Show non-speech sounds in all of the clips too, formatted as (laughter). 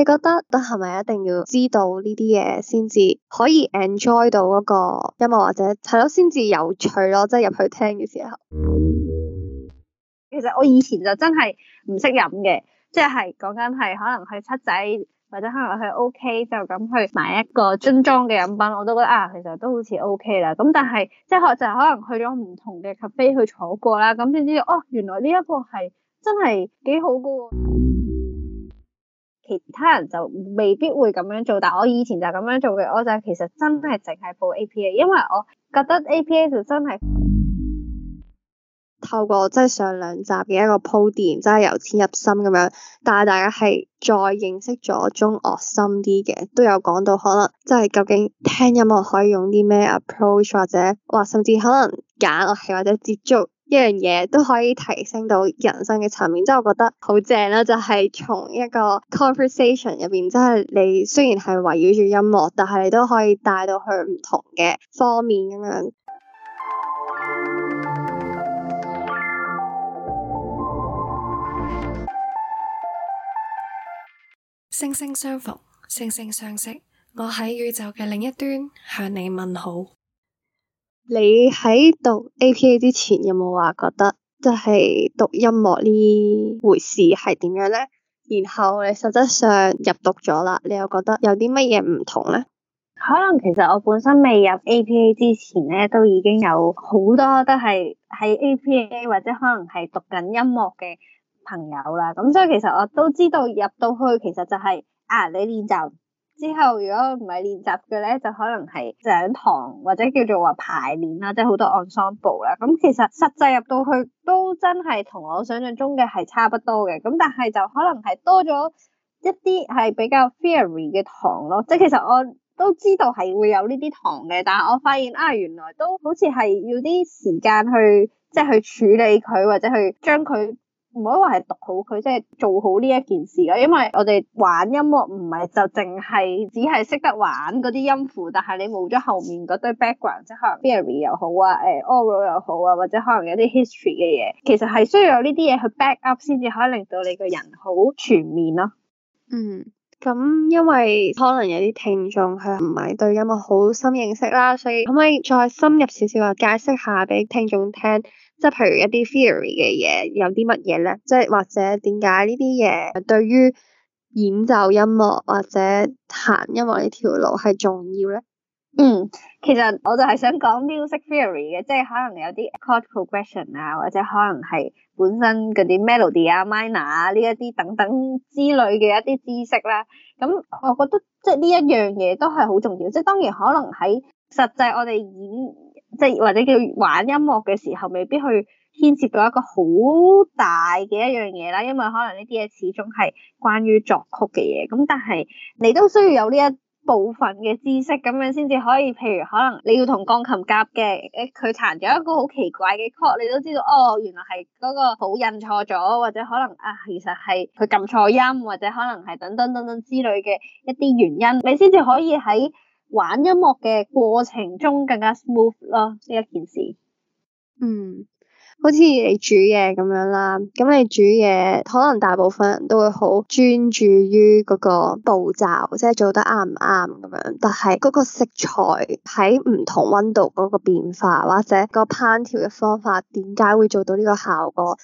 你覺得係咪一定要知道呢啲嘢先至可以 enjoy 到嗰、嗰個音樂，或者係咯先至有趣咯？即係入去聽嘅時候，其實我以前就真係唔識飲嘅，即係講緊係可能去七仔或者可能去 O、OK, K 就咁去買一個樽裝嘅飲品，我都覺得啊，其實都好似 OK 啦。咁但係即係就、可能去咗唔同嘅 cafe 去坐過啦，咁先知道哦，原來呢一個係真係幾好嘅。其他人就未必會咁樣做，但我以前就咁樣做嘅，我就其實真係淨係報 APA，因為我覺得 APA 就真係透過即係上兩集嘅一個鋪墊，真係由淺入深咁樣。但係大家係再認識咗中樂深啲嘅，都有講到可能即係究竟聽音樂可以用啲咩 approach，或者哇，甚至可能揀樂器或者接觸。一樣嘢都可以提升到人生嘅層面，即係我覺得好正啦。就係從一個 conversation 入邊，即係你雖然係圍繞住音樂，但係你都可以帶到去唔同嘅方面咁樣。星星相逢，星星相識，我喺宇宙嘅另一端向你問好。你喺讀 APA 之前有冇話覺得，即係讀音樂呢回事係點樣咧？然後你實質上入讀咗啦，你又覺得有啲乜嘢唔同咧？可能其實我本身未入 APA 之前咧，都已經有好多都係喺 APA 或者可能係讀緊音樂嘅朋友啦。咁所以其實我都知道入到去其實就係、是、啊，你練習。之後，如果唔係練習嘅咧，就可能係上堂或者叫做話排練啦，即係好多 ensemble 啦。咁其實實際入到去都真係同我想象中嘅係差不多嘅。咁但係就可能係多咗一啲係比較 theory 嘅堂咯。即係其實我都知道係會有呢啲堂嘅，但係我發現啊，原來都好似係要啲時間去即係去處理佢或者去將佢。唔可以話係讀好佢，即係做好呢一件事啊。因為我哋玩音樂唔係就淨係只係識得玩嗰啲音符，但係你冇咗後面嗰堆 background，即係可能 theory 又好啊，誒，oral 又好啊，或者可能有啲 history 嘅嘢，其實係需要有呢啲嘢去 back up 先至可以令到你個人好全面咯。嗯，咁因為可能有啲聽眾佢唔係對音樂好深認識啦，所以可唔可以再深入少少啊？解釋下俾聽眾聽。即係譬如一啲 theory 嘅嘢，有啲乜嘢咧？即係或者點解呢啲嘢對於演奏音樂或者彈音樂呢條路係重要咧？嗯，其實我就係想講 music theory 嘅，即係可能有啲 chord progression 啊，或者可能係本身嗰啲 melody 啊、minor 啊呢一啲等等之類嘅一啲知識啦。咁我覺得即係呢一樣嘢都係好重要。即係當然可能喺實際我哋演即係或者叫玩音樂嘅時候，未必去牽涉到一個好大嘅一樣嘢啦。因為可能呢啲嘢始終係關於作曲嘅嘢。咁但係你都需要有呢一部分嘅知識，咁樣先至可以。譬如可能你要同鋼琴夾嘅，誒佢彈咗一個好奇怪嘅曲，你都知道哦，原來係嗰個譜印錯咗，或者可能啊，其實係佢撳錯音，或者可能係等等等等之類嘅一啲原因，你先至可以喺，玩音樂嘅過程中更加 smooth 咯，呢一件事。嗯，好似你煮嘢咁樣啦，咁你煮嘢可能大部分人都會好專注於嗰個步驟，即係做得啱唔啱咁樣。但係嗰個食材喺唔同溫度嗰個變化，或者個烹調嘅方法點解會做到呢個效果？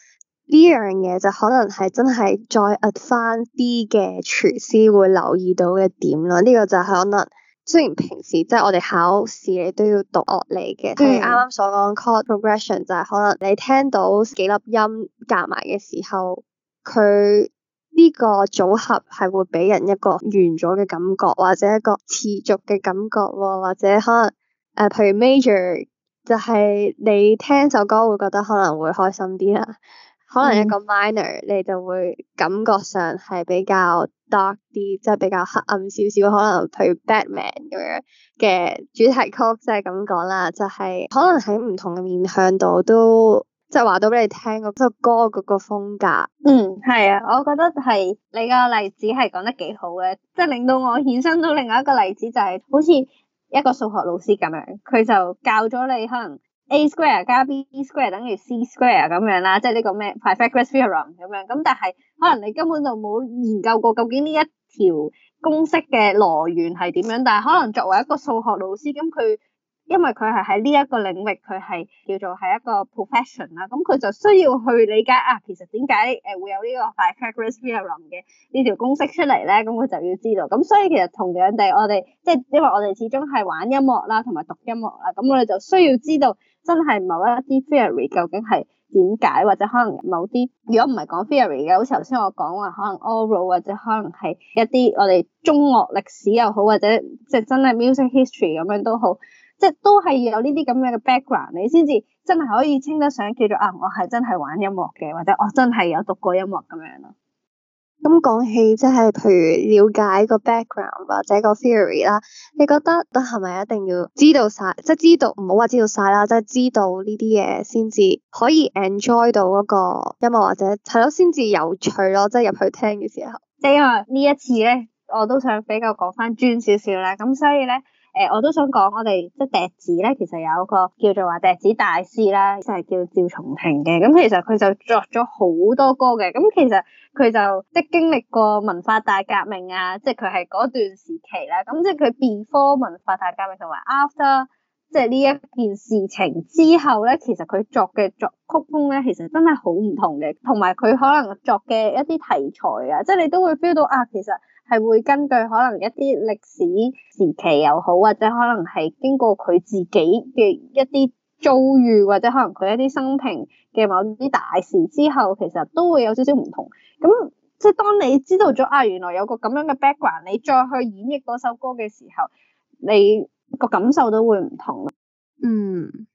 呢樣嘢就可能係真係再 advance 翻啲嘅廚師會留意到嘅點咯。呢、這個就係可能。雖然平時即係、就是、我哋考試你都要讀樂理嘅，但係啱啱所講 (noise) chord progression 就係可能你聽到幾粒音夾埋嘅時候，佢呢個組合係會俾人一個完咗嘅感覺，或者一個持續嘅感覺喎，或者可能誒、呃，譬如 major 就係你聽首歌會覺得可能會開心啲啦。可能一個 minor 你就會感覺上係比較 dark 啲，即係比較黑暗少少。可能譬如 Batman 咁樣嘅主題曲，即係咁講啦，就係可能喺唔同嘅面向度都，即係話到俾你聽個即係歌嗰個風格。嗯，係啊，我覺得係你個例子係講得幾好嘅，即係令到我衍生到另外一個例子，就係好似一個數學老師咁樣，佢就教咗你可能。a square 加 b square 等於 c square 咁樣啦，即係呢個咩 Pythagoras theorem 咁樣。咁、就是、但係可能你根本就冇研究過究竟呢一條公式嘅來源係點樣，但係可能作為一個數學老師，咁、嗯、佢因為佢係喺呢一個領域，佢係叫做係一個 profession 啦、嗯，咁佢就需要去理解啊，其實點解誒會有呢個 Pythagoras theorem 嘅呢條公式出嚟咧？咁、嗯、佢就要知道。咁、嗯、所以其實同樣地，我哋即係因為我哋始終係玩音樂啦，同埋讀音樂啊，咁、嗯、我哋就需要知道。真係某一啲 theory 究竟係點解，或者可能某啲，如果唔係講 theory 嘅，好似頭先我講話，可能 oral 或者可能係一啲我哋中樂歷史又好，或者即係真係 music history 咁樣都好，即係都係要有呢啲咁樣嘅 background，你先至真係可以稱得上叫做啊，我係真係玩音樂嘅，或者我真係有讀過音樂咁樣囉。咁講起即係譬如了解個 background 或者個 theory 啦，你覺得都係咪一定要知道晒，即係知道唔好話知道晒啦，即係知道呢啲嘢先至可以 enjoy 到嗰個音樂或者係咯，先至有趣咯，即係入去聽嘅時候。即係因為呢一次咧，我都想比較講翻專少少啦，咁所以咧。誒、呃，我都想講，我哋即笛子咧，其實有一個叫做話笛子大師啦，即係叫趙松庭嘅。咁其實佢就作咗好多歌嘅。咁其實佢就即經歷過文化大革命啊，即佢係嗰段時期啦。咁即佢變科文化大革命同埋 after 即呢一件事情之後咧，其實佢作嘅作曲風咧，其實真係好唔同嘅。同埋佢可能作嘅一啲題材啊，即你都會 feel 到啊，其實。係會根據可能一啲歷史時期又好，或者可能係經過佢自己嘅一啲遭遇，或者可能佢一啲生平嘅某啲大事之後，其實都會有少少唔同。咁即係當你知道咗啊，原來有個咁樣嘅 background，你再去演繹嗰首歌嘅時候，你個感受都會唔同。嗯，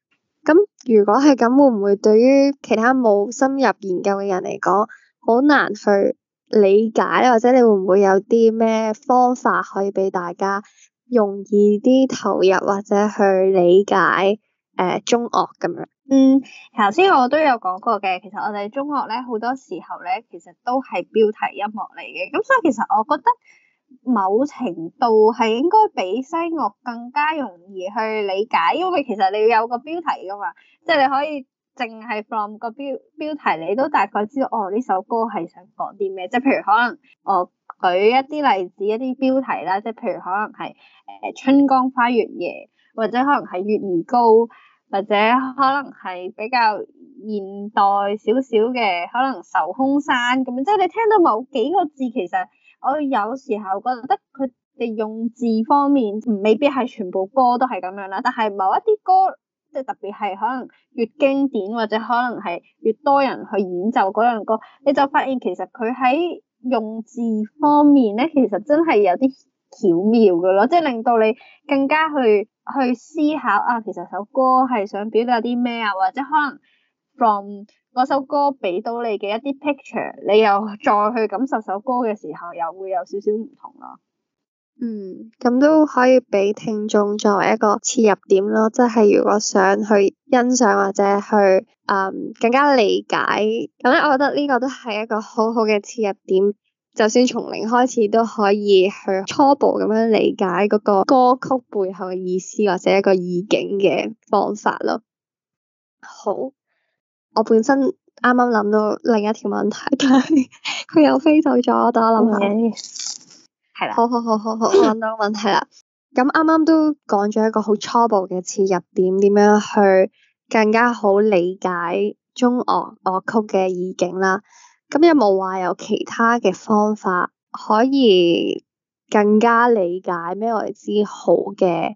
咁如果係咁，會唔會對於其他冇深入研究嘅人嚟講，好難去？理解，或者你會唔會有啲咩方法可以俾大家容易啲投入或者去理解誒、呃、中樂咁樣？嗯，頭先我都有講過嘅，其實我哋中樂咧好多時候咧，其實都係標題音樂嚟嘅。咁所以其實我覺得某程度係應該比西樂更加容易去理解，因為其實你要有個標題㗎嘛，即係你可以。淨係 from 個標標題，你都大概知道哦。呢首歌係想講啲咩？即係譬如可能，我舉一啲例子，一啲標題啦。即係譬如可能係誒春江花月夜，或者可能係月兒高，或者可能係比較現代少少嘅，可能愁空山咁樣。即係你聽到某幾個字，其實我有時候覺得佢哋用字方面，未必係全部歌都係咁樣啦。但係某一啲歌。即係特別係可能越經典或者可能係越多人去演奏嗰樣歌，你就發現其實佢喺用字方面咧，其實真係有啲巧妙嘅咯。即係令到你更加去去思考啊，其實首歌係想表達啲咩啊，或者可能 from 嗰首歌俾到你嘅一啲 picture，你又再去感受首歌嘅時候，又會有少少唔同咯。嗯，咁都可以俾聽眾作為一個切入點咯，即係如果想去欣賞或者去、嗯、更加理解咁咧，我覺得呢個都係一個好好嘅切入點。就算從零開始都可以去初步咁樣理解嗰個歌曲背後嘅意思或者一個意境嘅方法咯。好，我本身啱啱諗到另一條問題，但係佢又飛走咗，我諗下、okay. 係啦，好好好好好，好問到問題啦。咁啱啱都講咗一個好初步嘅切入點，點樣去更加好理解中樂樂曲嘅意境啦。咁有冇話有，有其他嘅方法可以更加理解咩為之好嘅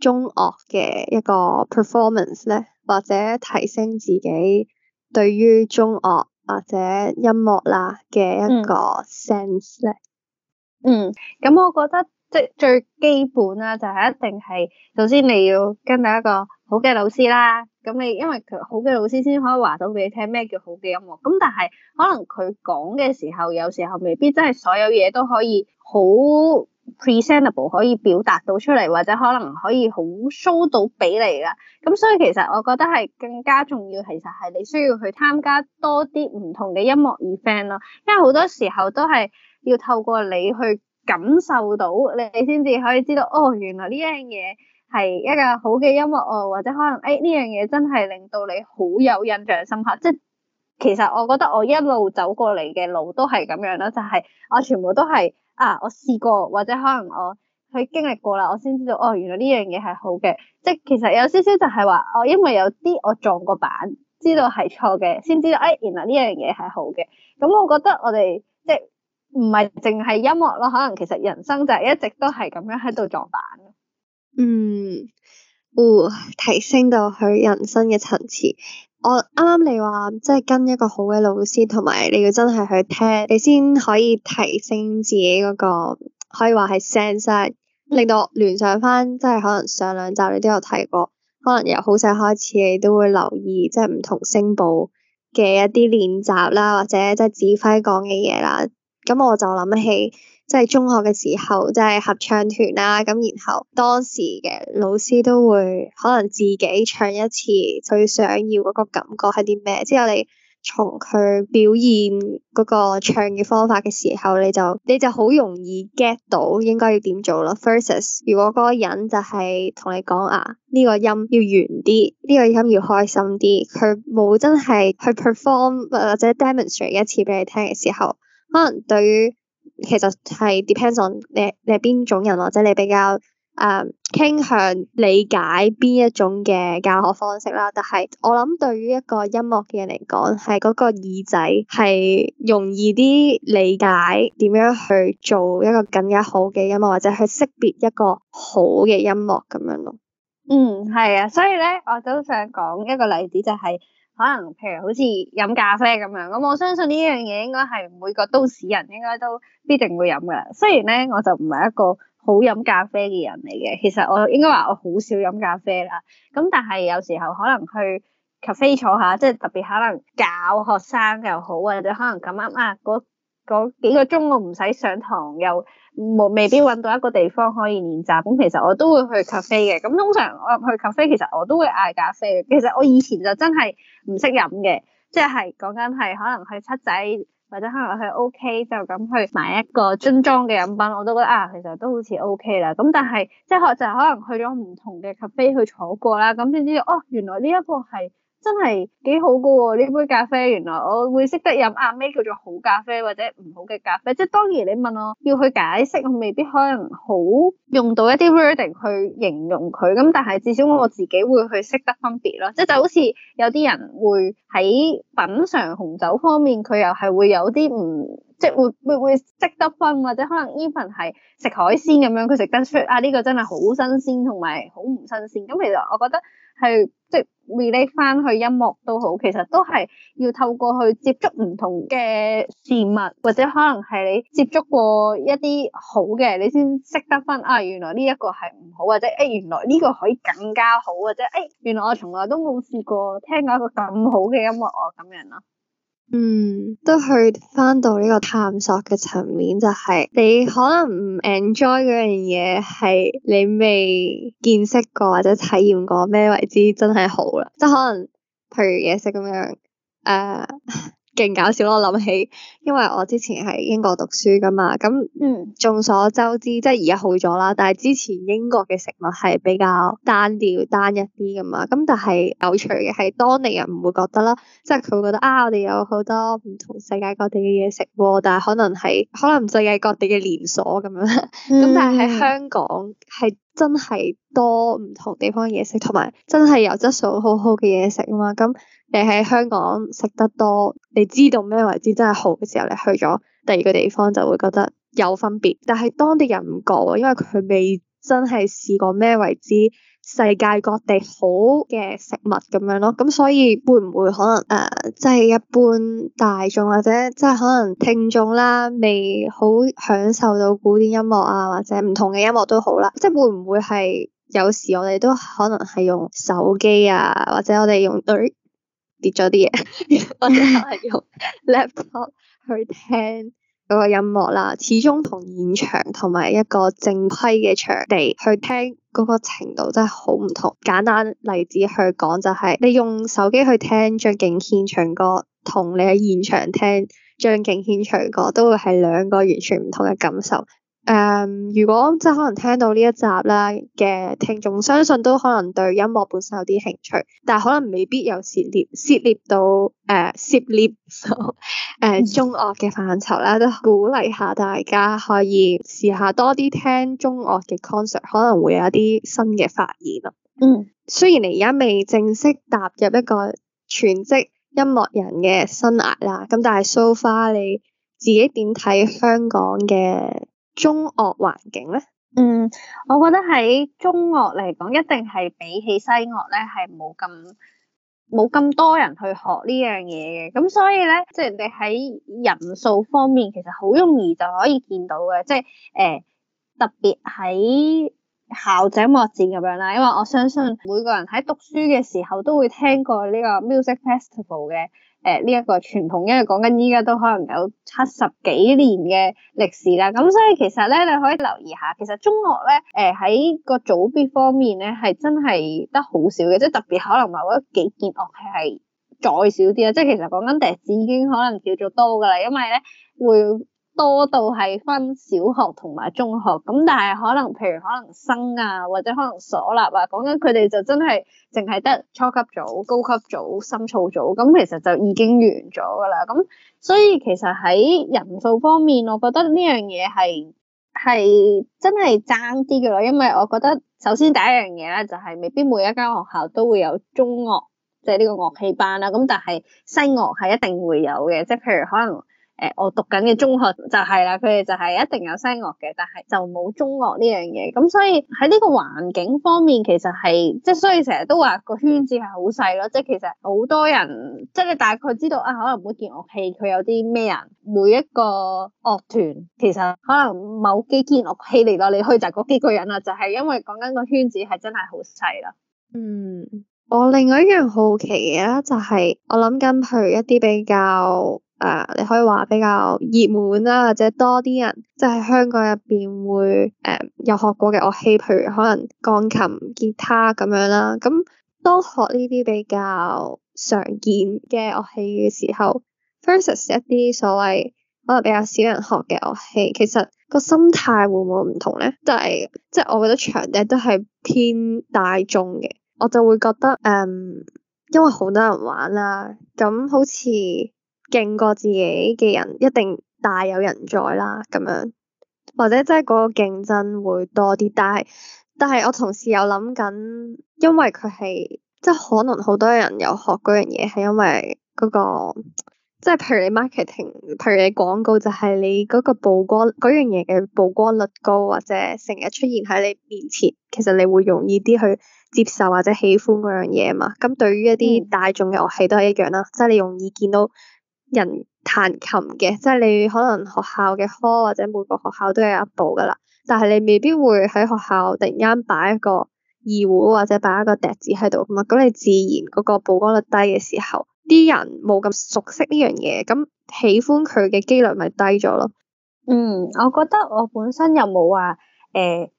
中樂嘅一個 performance 咧，或者提升自己對於中樂或者音樂啦嘅一個 sense 咧？嗯嗯，咁我覺得即最基本啦，就係一定係首先你要跟到一個好嘅老師啦。咁你因為其實好嘅老師先可以話到俾你聽咩叫好嘅音樂。咁但係可能佢講嘅時候，有時候未必真係所有嘢都可以好 presentable 可以表達到出嚟，或者可能可以好 show 到俾你啦。咁所以其實我覺得係更加重要，其實係你需要去參加多啲唔同嘅音樂 event 咯，因為好多時候都係。要透過你去感受到，你先至可以知道哦，原來呢樣嘢係一個好嘅音樂哦，或者可能誒呢樣嘢真係令到你好有印象深刻。即係其實我覺得我一路走過嚟嘅路都係咁樣啦，就係、是、我全部都係啊，我試過或者可能我去經歷過啦，我先知道哦，原來呢樣嘢係好嘅。即係其實有少少就係話哦，因為有啲我撞過板，知道係錯嘅，先知道誒、哎、原來呢樣嘢係好嘅。咁、嗯、我覺得我哋即係。唔係淨係音樂咯，可能其實人生就係一直都係咁樣喺度撞板。嗯，哦，提升到佢人生嘅層次。我啱啱你話即係跟一個好嘅老師，同埋你要真係去聽，你先可以提升自己嗰個可以話係 sense、啊、令到聯想翻，即係可能上兩集你都有提過，可能由好細開始你都會留意，即係唔同聲部嘅一啲練習啦，或者即係指揮講嘅嘢啦。咁我就諗起即係中學嘅時候，即係合唱團啦。咁然後當時嘅老師都會可能自己唱一次，佢想要嗰個感覺係啲咩。之後你從佢表現嗰個唱嘅方法嘅時候，你就你就好容易 get 到應該要點做咯。Versus 如果嗰個人就係同你講啊，呢個音要圓啲，呢個音要開心啲，佢冇真係去 perform 或者 demonstrate 一次俾你聽嘅時候。可能對於，其實係 depends on 你你係邊種人，或者你比較誒、uh, 傾向理解邊一種嘅教學方式啦，但係我諗對於一個音樂嘅人嚟講，係嗰個耳仔係容易啲理解點樣去做一個更加好嘅音樂，或者去識別一個好嘅音樂咁樣咯。嗯，係啊，所以咧我都想講一個例子就係、係。可能譬如好似飲咖啡咁樣，咁我相信呢樣嘢應該係每個都市人應該都必定會飲㗎啦。雖然咧，我就唔係一個好飲咖啡嘅人嚟嘅，其實我應該話我好少飲咖啡啦。咁但係有時候可能去 cafe 坐下，即係特別可能教學生又好，或者可能咁啱啊嗰嗰幾個鐘我唔使上堂又，冇未必揾到一個地方可以練習，咁其實我都會去 cafe 嘅。咁通常我入去 cafe，其實我都會嗌咖啡嘅。其實我以前就真係唔識飲嘅，即係講緊係可能去七仔或者可能去 OK 就咁去買一個樽裝嘅飲品，我都覺得啊，其實都好似 OK 啦。咁但係即係就可能去咗唔同嘅 cafe 去坐過啦，咁先知道哦，原來呢一個係。真係幾好噶喎、哦！呢杯咖啡原來我會識得飲，阿、啊、咩叫做好咖啡或者唔好嘅咖啡？即係當然你問我要去解釋，我未必可能好用到一啲 wording 去形容佢。咁但係至少我自己會去識得分別咯。即係就好似有啲人會喺品嚐紅酒方面，佢又係會有啲唔～即係會會會識得分，或者可能 even 係食海鮮咁樣，佢食得出啊！呢個真係好新鮮，同埋好唔新鮮。咁其實我覺得係即係 relate 翻去音樂都好，其實都係要透過去接觸唔同嘅事物，或者可能係你接觸過一啲好嘅，你先識得分啊！原來呢一個係唔好，或者誒、欸、原來呢個可以更加好或者誒、欸、原來我從來都冇試過聽過一個咁好嘅音樂哦，咁樣咯。嗯，都去返到呢個探索嘅層面，就係、是、你可能唔 enjoy 嗰樣嘢，係你未見識過或者體驗過咩為之真係好啦，即係可能譬如嘢食咁樣，誒、呃。勁搞笑咯！我諗起，因為我之前喺英國讀書噶嘛，咁嗯、眾所周知，即係而家好咗啦。但係之前英國嘅食物係比較單調單一啲噶嘛，咁但係有趣嘅係當地人唔會覺得啦，即係佢會覺得啊，我哋有好多唔同世界各地嘅嘢食，但係可能係可能世界各地嘅連鎖咁樣。咁、嗯、 (laughs) 但係喺香港係。真係多唔同地方嘢食，同埋真係有質素好好嘅嘢食啊嘛！咁你喺香港食得多，你知道咩為之真係好嘅時候，你去咗第二個地方就會覺得有分別，但係當地人唔覺喎，因為佢未真係試過咩為之。世界各地好嘅食物咁樣咯，咁所以會唔會可能誒，即、呃、係、就是、一般大眾或者即係可能聽眾啦，未好享受到古典音樂啊，或者唔同嘅音樂都好啦，即係會唔會係有時我哋都可能係用手機啊，或者我哋用堆跌咗啲嘢，或者係用 laptop 去聽嗰個音樂啦，始終同現場同埋一個正規嘅場地去聽。嗰個程度真係好唔同。簡單例子去講就係，你用手機去聽張敬軒唱歌，同你喺現場聽張敬軒唱歌，都會係兩個完全唔同嘅感受。誒，um, 如果即係可能聽到呢一集咧，嘅聽眾，相信都可能對音樂本身有啲興趣，但係可能未必有涉獵涉獵，呃、涉獵到誒涉獵誒中樂嘅範疇咧，都鼓勵下大家可以試下多啲聽中樂嘅 concert，可能會有一啲新嘅發現咯。嗯，雖然你而家未正式踏入一個全職音樂人嘅生涯啦，咁但係 so far，你自己點睇香港嘅？中樂環境咧，嗯，我覺得喺中樂嚟講，一定係比起西樂咧係冇咁冇咁多人去學呢樣嘢嘅，咁所以咧，即係人哋喺人數方面，其實好容易就可以見到嘅，即係誒、呃，特別喺，校際音樂節咁樣啦，因為我相信每個人喺讀書嘅時候都會聽過呢個 music festival 嘅，誒呢一個傳統，因為講緊依家都可能有七十幾年嘅歷史啦。咁所以其實咧，你可以留意下，其實中樂咧，誒喺個組別方面咧係真係得好少嘅，即係特別可能話嗰幾件樂器係再少啲啊！即係其實講緊笛子已經可能叫做多㗎喇，因為咧會。多到係分小學同埋中學，咁但係可能譬如可能生啊，或者可能所立啊，講緊佢哋就真係淨係得初級組、高級組、深造組，咁其實就已經完咗噶啦。咁所以其實喺人數方面，我覺得呢樣嘢係係真係爭啲噶咯，因為我覺得首先第一樣嘢咧就係未必每一間學校都會有中樂，即係呢個樂器班啦。咁但係西樂係一定會有嘅，即係譬如可能。誒，我讀緊嘅中學就係啦，佢哋就係一定有聲樂嘅，但係就冇中樂呢樣嘢。咁所以喺呢個環境方面，其實係即係，所以成日都話個圈子係好細咯。即係其實好多人，即係你大概知道啊，可能每件樂器佢有啲咩人，每一個樂團其實可能某幾件樂器嚟到，你去就嗰幾個人啦。就係因為講緊個圈子係真係好細啦。嗯，我另外一樣好奇嘅就係，我諗緊去一啲比較。誒，uh, 你可以話比較熱門啦、啊，或者多啲人即係、就是、香港入邊會誒、嗯、有學過嘅樂器，譬如可能鋼琴、吉他咁樣啦、啊。咁多學呢啲比較常見嘅樂器嘅時候 versus 一啲所謂可能比較少人學嘅樂器，其實個心態會唔會唔同咧？都係即係我覺得場地都係偏大眾嘅，我就會覺得誒、嗯，因為好多人玩啦、啊，咁好似。勁過自己嘅人一定大有人在啦，咁樣或者即係嗰個競爭會多啲，但係但係我同時又諗緊，因為佢係即係可能好多人有學嗰樣嘢，係因為嗰、嗰個即係、就是、譬如你 marketing，譬如你廣告就係你嗰個曝光嗰樣嘢嘅曝光率高，或者成日出現喺你面前，其實你會容易啲去接受或者喜歡嗰樣嘢嘛。咁對於一啲大眾嘅樂器都係一樣啦，即係、嗯、你容易見到。人彈琴嘅，即係你可能學校嘅科或者每個學校都有一部噶啦，但係你未必會喺學校突然間擺一個二胡或者擺一個笛子喺度咁啊，咁你自然嗰個曝光率低嘅時候，啲人冇咁熟悉呢樣嘢，咁喜歡佢嘅機率咪低咗咯。嗯，我覺得我本身又冇話誒，呃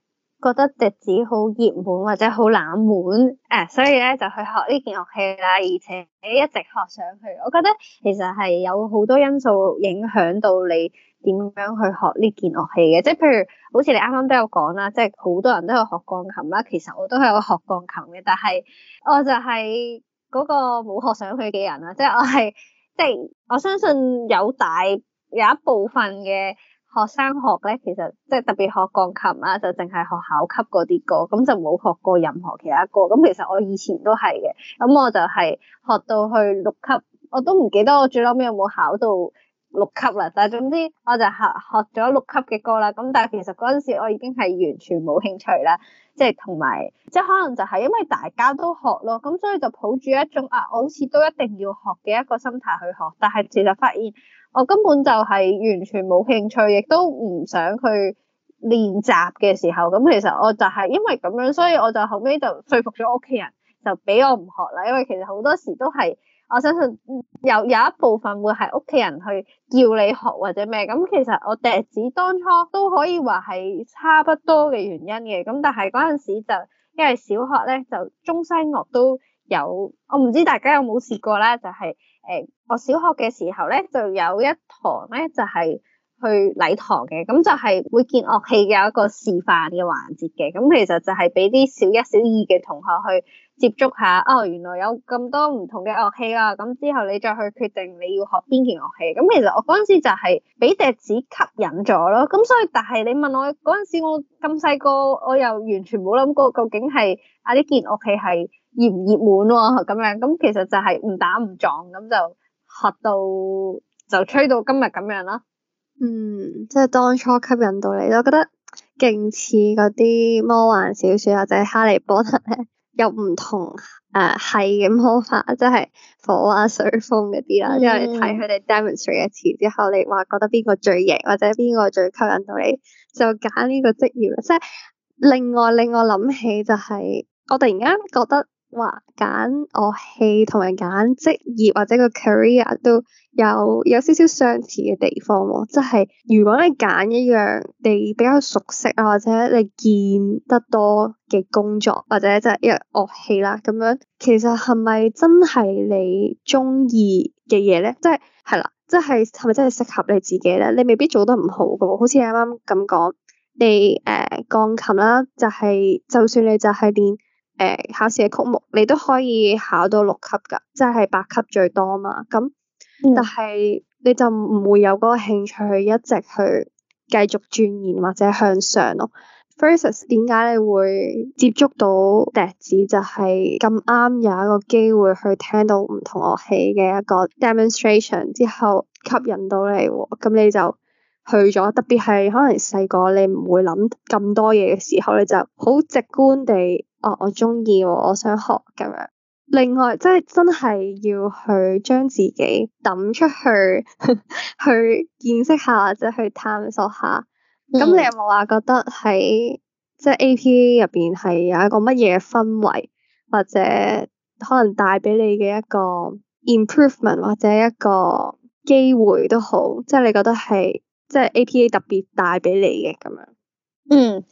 覺得笛子好熱門或者好冷門，誒、啊，所以咧就去學呢件樂器啦，而且一直學上去。我覺得其實係有好多因素影響到你點樣去學呢件樂器嘅，即係譬如好似你啱啱都有講啦，即係好多人都有學鋼琴啦，其實我都係有學鋼琴嘅，但係我就係嗰個冇學上去嘅人啦，即係我係即係我相信有大有一部分嘅。學生學咧，其實即係特別學鋼琴啦，就淨係學考級嗰啲歌，咁就冇學過任何其他歌。咁其實我以前都係嘅，咁我就係學到去六級，我都唔記得我最後尾有冇考到六級啦。但係總之我就學學咗六級嘅歌啦。咁但係其實嗰陣時我已經係完全冇興趣啦，即係同埋即係可能就係因為大家都學咯，咁所以就抱住一種啊，我好似都一定要學嘅一個心態去學，但係其實發現。我根本就係完全冇興趣，亦都唔想去練習嘅時候，咁其實我就係因為咁樣，所以我就後尾就說服咗屋企人，就俾我唔學啦。因為其實好多時都係，我相信有有一部分會係屋企人去叫你學或者咩，咁其實我笛子當初都可以話係差不多嘅原因嘅，咁但係嗰陣時就因為小學咧就中西樂都有，我唔知大家有冇試過咧，就係。誒，我小學嘅時候咧，就有一堂咧，就係去禮堂嘅，咁就係每件樂器有一個示範嘅環節嘅，咁其實就係俾啲小一、小二嘅同學去。接觸下哦，原來有咁多唔同嘅樂器啊。咁之後你再去決定你要學邊件樂器。咁其實我嗰陣時就係俾笛子吸引咗咯，咁所以但係你問我嗰陣時我咁細個，我又完全冇諗過究竟係啊，呢件樂器係熱唔熱門咯，咁樣，咁其實就係唔打唔撞，咁就學到就吹到今日咁樣囉。嗯，即係當初吸引到你，我覺得勁似嗰啲魔幻小說或者哈利波特咧。哈哈有唔同誒係嘅魔法，即係火啊、水、風嗰啲啦。之後你睇佢哋 demonstrate 一次之後，你話覺得邊個最型，或者邊個最吸引到你，就揀呢個職業。即係另外令我諗起就係、是，我突然間覺得。哇，揀樂器同埋揀職業或者個 career 都有有少少相似嘅地方咯，即係如果你揀一樣你比較熟悉啊，或者你見得多嘅工作或者即係一樂器啦咁樣，其實係咪真係你中意嘅嘢咧？即係係啦，即係係咪真係適合你自己咧？你未必做得唔好噶，好似你啱啱咁講，你誒鋼琴啦，就係就算你就係練。誒、欸，考試嘅曲目你都可以考到六級㗎，即係八級最多嘛。咁，嗯、但係你就唔會有嗰個興趣去一直去繼續鑽研或者向上咯。Frances、嗯、s 點解你會接觸到笛子，就是？就係咁啱有一個機會去聽到唔同樂器嘅一個 demonstration 之後吸引到你，咁你就。去咗，特別係可能細個你唔會諗咁多嘢嘅時候，你就好直觀地哦，我中意，我想學咁樣。另外，即係真係要去將自己抌出去， (laughs) 去見識下或者去探索下。咁、嗯、你有冇話覺得喺即係 APA 入邊係有一個乜嘢氛圍，或者可能帶俾你嘅一個 improvement 或者一個機會都好，即係你覺得係。即係 APA 特別帶俾你嘅咁樣，嗯，誒、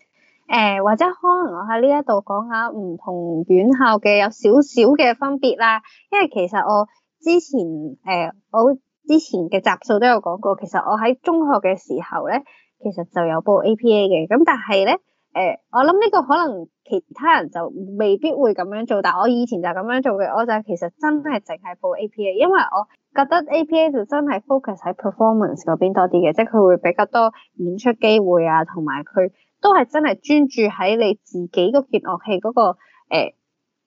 呃、或者可能我喺呢一度講下唔同院校嘅有少少嘅分別啦，因為其實我之前誒、呃、我之前嘅集數都有講過，其實我喺中學嘅時候咧，其實就有報 APA 嘅，咁但係咧誒我諗呢個可能其他人就未必會咁樣做，但係我以前就係咁樣做嘅，我就係其實真係淨係報 APA，因為我，覺得 APA 就真係 focus 喺 performance 嗰邊多啲嘅，即係佢會比較多演出機會啊，同埋佢都係真係專注喺你自己嗰件樂器嗰、嗰個、呃、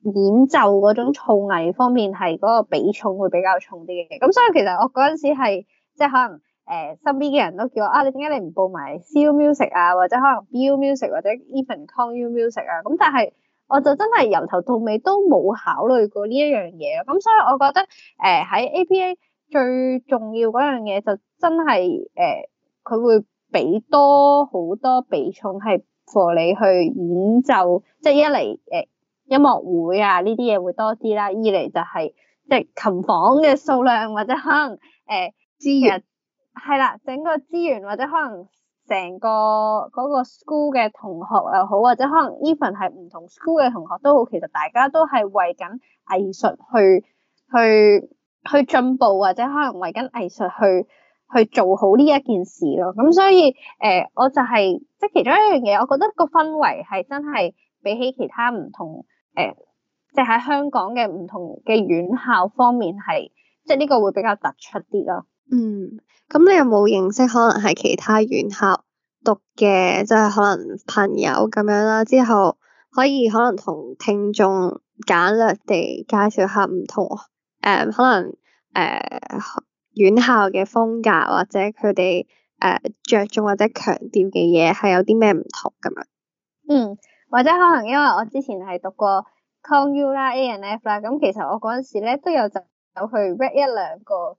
演奏嗰種造詣方面係嗰個比重會比較重啲嘅。咁所以其實我嗰陣時係即係可能誒、呃、身邊嘅人都叫我啊，你點解你唔報埋 CU Music 啊，或者可能 BU Music 或者 Even Kong U Music 啊？咁但係。我就真係由頭到尾都冇考慮過呢一樣嘢。咁所以我覺得，誒、呃、喺 APA 最重要嗰樣嘢就真係誒，佢、呃、會俾多好多比重係俾你去演奏，即、就、係、是、一嚟誒、呃、音樂會啊呢啲嘢會多啲啦，二嚟就係即係琴房嘅數量或者可能誒、呃、資源，係、呃、啦，整個資源或者可能。成個嗰個 school 嘅同學又好，或者可能 even 係唔同 school 嘅同學都好，其實大家都係為緊藝術去去去進步，或者可能為緊藝術去去做好呢、呃就是就是、一件事咯。咁所以誒，我就係即係其中一樣嘢，我覺得個氛圍係真係比起其他唔同誒，即係喺香港嘅唔同嘅院校方面係，即係呢個會比較突出啲咯。嗯，咁你有冇認識可能係其他院校讀嘅，即係可能朋友咁樣啦？之後可以可能同聽眾簡略地介紹下唔同誒、呃，可能誒、呃、院校嘅風格或者佢哋誒着重或者強調嘅嘢，係有啲咩唔同咁樣？嗯，或者可能因為我之前係讀過 ConU 啦、A and F 啦，咁其實我嗰陣時咧都有就有去 read 一兩個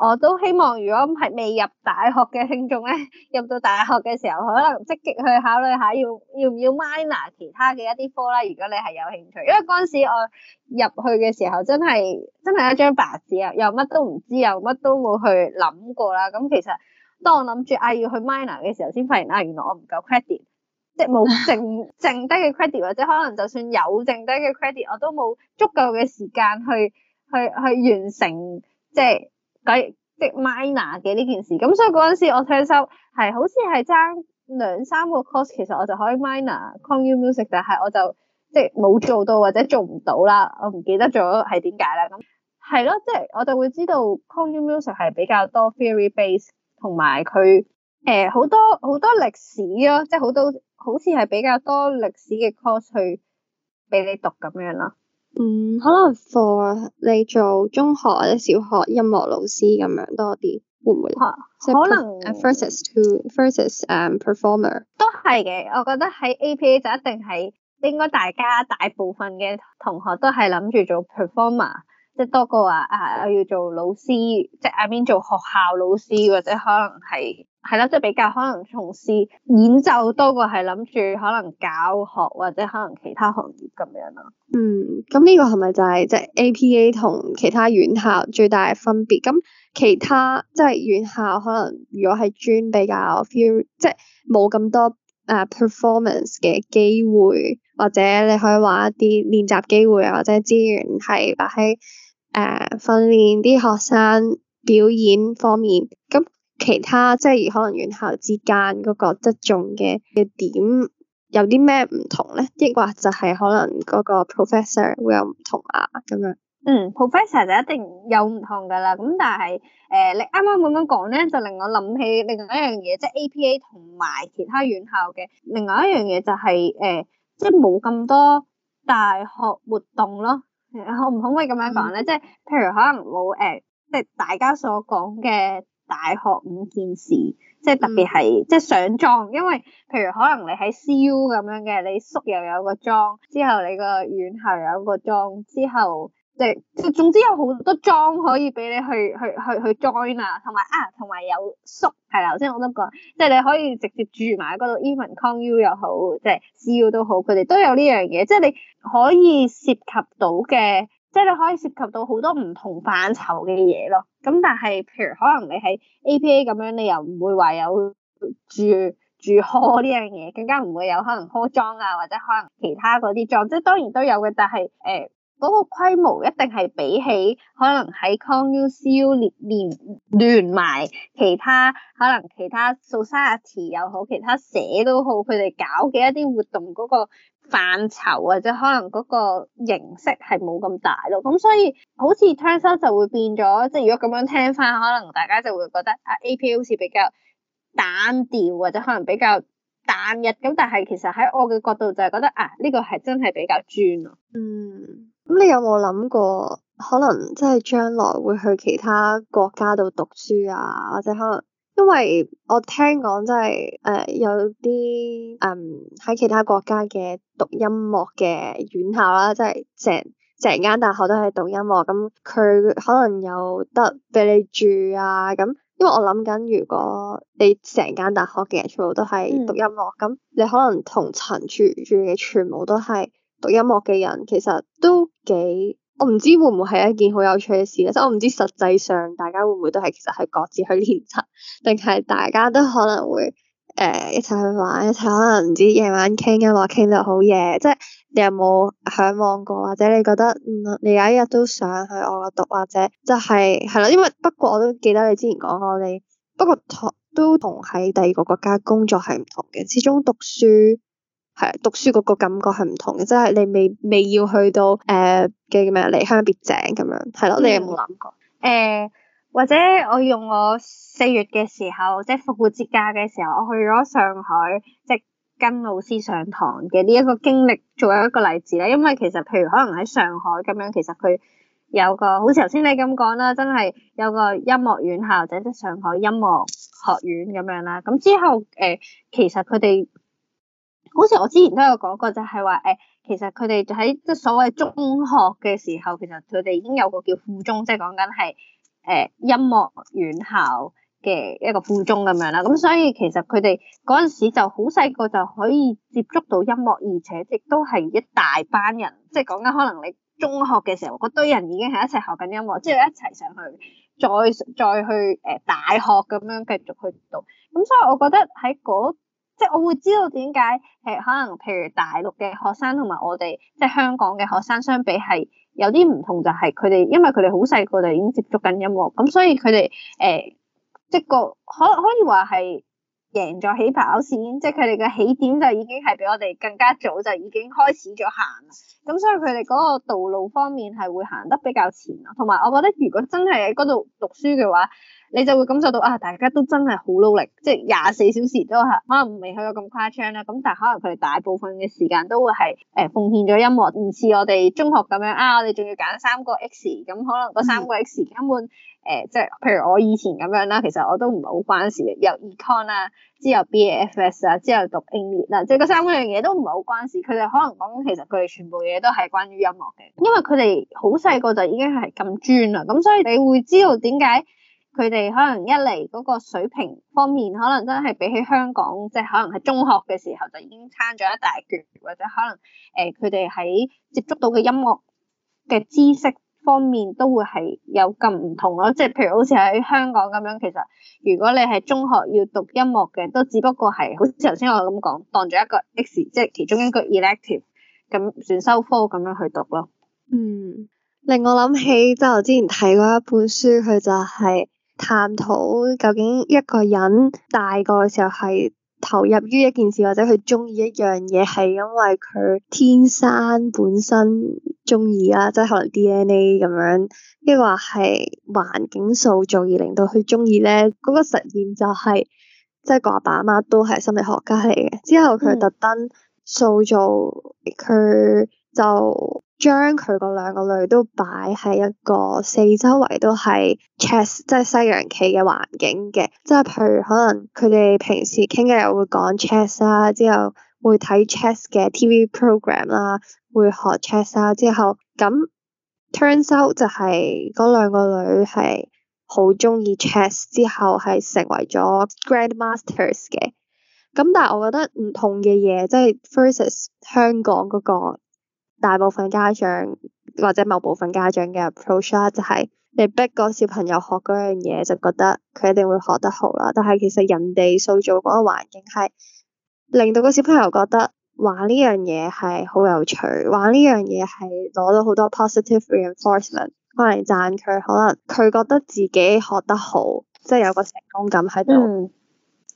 我都希望如果係未入大學嘅聽眾咧，入到大學嘅時候，可能積極去考慮下，要要唔要 minor 其他嘅一啲科啦。如果你係有興趣，因為嗰陣時我入去嘅時候真係真係一張白紙啊，又乜都唔知，又乜都冇去諗過啦。咁其實當我諗住啊要去 minor 嘅時候，先發現啊，原來我唔夠 credit，即係冇剩剩低嘅 credit，或者可能就算有剩低嘅 credit，我都冇足夠嘅時間去去去完成，即係。即係 minor 嘅呢件事，咁所以嗰陣時我聽收係好似係爭兩三個 course，其實我就可以 minor conu music，但係我就即係冇做到或者做唔到啦，我唔記得咗係點解啦。咁係咯，即係我就會知道 conu music 係比較多 theory base，同埋佢誒好、呃、多好多歷史咯、啊，即係好多好似係比較多歷史嘅 course 去俾你讀咁樣咯、啊。嗯，可能 for 你做中學或者小學音樂老師咁樣多啲，會唔會？啊、so, 可能。versus to versus, um, performer 都係嘅。我覺得喺 APA 就一定係應該大家大部分嘅同學都係諗住做 performer，即係多過話啊我要做老師，即係 I mean 做學校老師或者可能係。係啦，即係比較可能從事演奏多過係諗住可能教學或者可能其他行業咁樣啦。嗯，咁呢個係咪就係、是、即係、就是、APA 同其他院校最大嘅分別？咁其他即係、就是、院校可能如果係專比較 few，即係冇咁多誒 performance 嘅機會，或者你可以話一啲練習機會啊或者資源係擺喺誒訓練啲學生表演方面咁。其他即係可能院校之間嗰個側重嘅嘅點有啲咩唔同咧？抑或就係可能嗰個 professor 會有唔同啊？咁樣嗯，professor 就一定有唔同噶啦。咁但係誒，你啱啱咁樣講咧，就令我諗起另外一樣嘢，即係 APA 同埋其他院校嘅。另外一樣嘢就係誒，即係冇咁多大學活動咯。我、嗯、可唔可以咁樣講咧？嗯、即係譬如可能冇誒，即係大家所講嘅。大學五件事，即係特別係、嗯、即係上莊，因為譬如可能你喺 CU 咁樣嘅，你宿又有個莊，之後你個院係有個莊，之後即係、就係、總之有好多莊可以俾你去去去去 join 啊，同埋啊同埋有宿係啦，即係我都講，即係你可以直接住埋嗰度，even CU 又好，即係 CU 都好，佢哋都有呢樣嘢，即係你可以涉及到嘅。即係你可以涉及到好多唔同範疇嘅嘢咯，咁但係譬如可能你喺 APA 咁樣，你又唔會話有住住殼呢樣嘢，更加唔會有可能殼裝啊，或者可能其他嗰啲裝，即係當然都有嘅，但係誒。欸嗰個規模一定係比起可能喺 ConU、CU 連連連埋其他可能其他 society 又好，其他社都好，佢哋搞嘅一啲活動嗰個範疇或者可能嗰個形式係冇咁大咯。咁所以好似 Transit 就會變咗，即係如果咁樣聽翻，可能大家就會覺得啊 APA 好似比較單調或者可能比較單一咁，但係其實喺我嘅角度就係覺得啊，呢、呢個係真係比較專咯。嗯。咁你有冇諗過，可能即係將來會去其他國家度讀書啊，或者可能，因為我聽講即係誒有啲嗯喺其他國家嘅讀音樂嘅院校啦，即係成成間大學都係讀音樂，咁佢可能有得俾你住啊，咁因為我諗緊，如果你成間大學嘅全部都係讀音樂，咁、嗯、你可能同層住住嘅全部都係。讀音樂嘅人其實都幾，我唔知會唔會係一件好有趣嘅事咧，即係我唔知實際上大家會唔會都係其實係各自去練習，定係大家都可能會誒、呃、一齊去玩，一齊可能唔知夜晚傾音樂傾到好夜，即係你有冇向往過，或者你覺得、嗯、你有一日都想去外國讀，或者就係係啦，因為不過我都記得你之前講過你，不過同都同喺第二個國家工作係唔同嘅，始終讀書。係啊，讀書嗰個感覺係唔同嘅，即係你未未要去到誒嘅叫咩啊，離、呃、鄉別井咁樣，係咯，你有冇諗、嗯、過？誒、呃，或者我用我四月嘅時候，即係復活節假嘅時候，我去咗上海，即係跟老師上堂嘅呢一個經歷做一個例子咧。因為其實譬如可能喺上海咁樣，其實佢有個好似頭先你咁講啦，真係有個音樂院校，即係上海音樂學院咁樣啦。咁之後誒、呃，其實佢哋。好似我之前都有講過，就係話誒，其實佢哋喺即係所謂中學嘅時候，其實佢哋已經有個叫附中，即係講緊係誒音樂院校嘅一個附中咁樣啦。咁所以其實佢哋嗰陣時就好細個就可以接觸到音樂，而且亦都係一大班人，即係講緊可能你中學嘅時候嗰堆人已經係一齊學緊音樂，之後一齊上去再再去誒、呃、大學咁樣繼續去讀。咁所以我覺得喺嗰、那個即係我會知道點解誒，可能譬如大陸嘅學生同埋我哋即係香港嘅學生相比係有啲唔同就，就係佢哋因為佢哋好細個就已經接觸緊音樂，咁所以佢哋誒即係個可可以話係贏咗起跑線，即係佢哋嘅起點就已經係比我哋更加早就已經開始咗行啦，咁所以佢哋嗰個道路方面係會行得比較前咯。同埋，我覺得如果真係喺嗰度讀書嘅話，你就會感受到啊，大家都真係好努力，即係廿四小時都係，可能未去到咁誇張啦。咁但係可能佢哋大部分嘅時間都會係誒、呃、奉獻咗音樂，唔似我哋中學咁樣啊，我哋仲要揀三個 X，咁可能嗰三個 X 根本。嗯誒、呃，即係譬如我以前咁樣啦，其實我都唔係好關事，由 Econ 啦、啊，之後 BAFS 啊，之後讀英語啦、啊，即係嗰三樣嘢都唔係好關事。佢哋可能講，其實佢哋全部嘢都係關於音樂嘅，因為佢哋好細個就已經係咁專啦，咁所以你會知道點解佢哋可能一嚟嗰個水平方面，可能真係比起香港，即、就、係、是、可能喺中學嘅時候就已經撐咗一大橛，或者可能誒佢哋喺接觸到嘅音樂嘅知識。方面都會係有咁唔同咯，即係譬如好似喺香港咁樣，其實如果你係中學要讀音樂嘅，都只不過係好似頭先我咁講，當住一個 X，即係其中一個 elective 咁選修科咁樣去讀咯。嗯，令我諗起就我之前睇過一本書，佢就係探討究竟一個人大個嘅時候係。投入於一件事或者佢中意一樣嘢係因為佢天生本身中意啦，即係可能 DNA 咁樣，亦或係環境塑造而令到佢中意咧。嗰、那個實驗就係、是，即係個阿爸阿媽都係心理學家嚟嘅，之後佢特登塑造佢、嗯、就。將佢嗰兩個女都擺喺一個四周圍都係 chess，即係西洋棋嘅環境嘅，即係譬如可能佢哋平時傾嘅又會講 chess 啦，之後會睇 chess 嘅 TV program 啦，會學 chess 啦，之後咁 turns out 就係嗰兩個女係好鍾意 chess，之後係成為咗 grandmasters 嘅。咁但係我覺得唔同嘅嘢，即係 versus 香港嗰個。大部分家長或者某部分家長嘅 approach 啦，就係你逼個小朋友學嗰樣嘢，就覺得佢一定會學得好啦。但係其實人哋塑造嗰個環境係令到個小朋友覺得玩呢樣嘢係好有趣，玩呢樣嘢係攞到好多 positive reinforcement，可能讚佢，可能佢覺得自己學得好，即係有個成功感喺度。嗯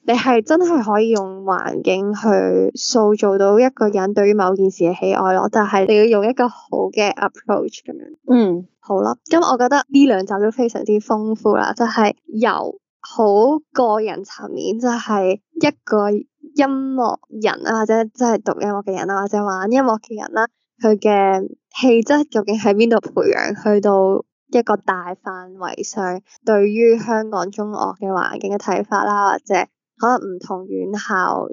你係真係可以用環境去塑造到一個人對於某件事嘅喜愛咯，但係你要用一個好嘅 approach 咁樣。嗯，好啦，咁我覺得呢兩集都非常之豐富啦，就係由好個人層面，就係一個音樂人啊，或者即係讀音樂嘅人啊，或者玩音樂嘅人啦，佢嘅氣質究竟喺邊度培養，去到一個大範圍上對於香港中樂嘅環境嘅睇法啦，或者。可能唔同院校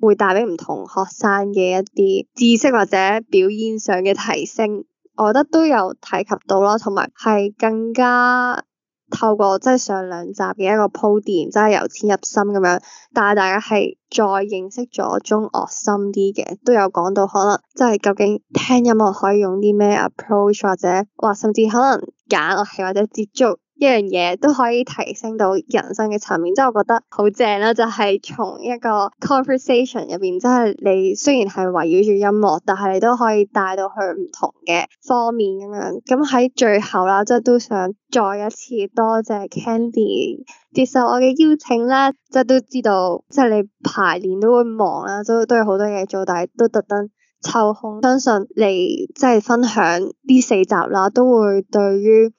會帶畀唔同學生嘅一啲知識或者表現上嘅提升，我覺得都有提及到囉，同埋係更加透過即係上兩集嘅一個鋪墊，真係由淺入深咁樣帶大家係再認識咗中樂深啲嘅，都有講到可能即係究竟聽音樂可以用啲咩 approach 或者哇，甚至可能揀樂器或者接觸。一樣嘢都可以提升到人生嘅層面，即係我覺得好正啦！就係從一個 conversation 入邊，即係你雖然係圍繞住音樂，但係你都可以帶到去唔同嘅方面咁樣。咁喺最後啦，即係都想再一次多謝 Candy 接受我嘅邀請啦，即係都知道即係你排練都會忙啦，都都有好多嘢做，但係都特登抽空，相信你即係分享呢四集啦，都會對於。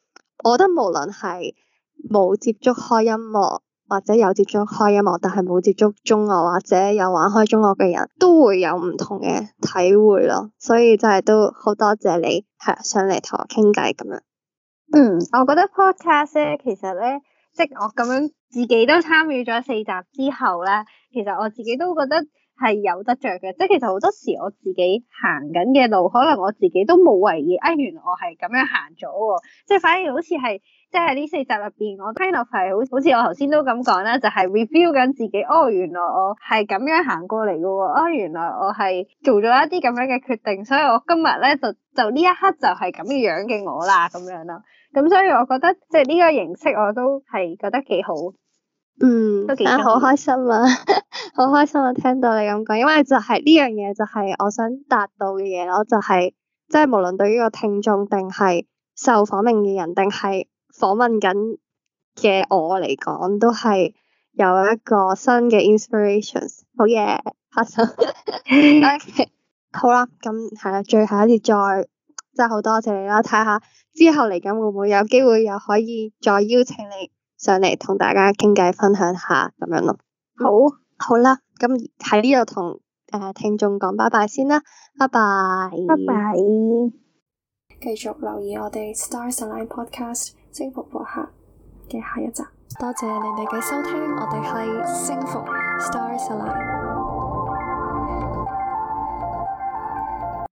我覺得無論係冇接觸開音樂，或者有接觸開音樂，但係冇接觸中樂或者有玩開中樂嘅人都會有唔同嘅體會咯。所以真係都好多謝你係上嚟同我傾偈咁樣。嗯，我覺得 Podcast 咧，其實咧，即係我咁樣自己都參與咗四集之後咧，其實我自己都覺得，係有得着嘅，即係其實好多時我自己行緊嘅路，可能我自己都冇為意，啊、哎，原來我係咁樣行咗喎，即係反而好似係，即係呢四集入邊，我聽落係好，好似我頭先都咁講啦，就係、是、review 緊自己，哦，原來我係咁樣行過嚟嘅，哦，原來我係做咗一啲咁樣嘅決定，所以我今日咧就就呢一刻就係咁嘅樣嘅我啦，咁樣囉，咁所以我覺得即係呢個形式我都係覺得幾好。嗯，但好、啊、開心啊，好 (laughs) 開心啊，聽到你咁講，因為就係、是、呢樣嘢就係我想達到嘅嘢，就是就是、我就係即係無論對於個聽眾定係受訪嘅人定係訪問緊嘅我嚟講，都係有一個新嘅 inspirations。好嘢，拍手。好啦，咁係啦，最後一次再，真係好多謝你啦。睇下之後嚟緊會唔會有機會又可以再邀請你上嚟同大家傾偈分享下咁樣咯，好，好啦，咁喺呢度同誒聽眾講拜拜先啦，拜拜，拜拜，繼續留意我哋 Stars Align Podcast 星逢播客嘅下一集，多謝你哋嘅收聽，我哋係星逢 Stars Align。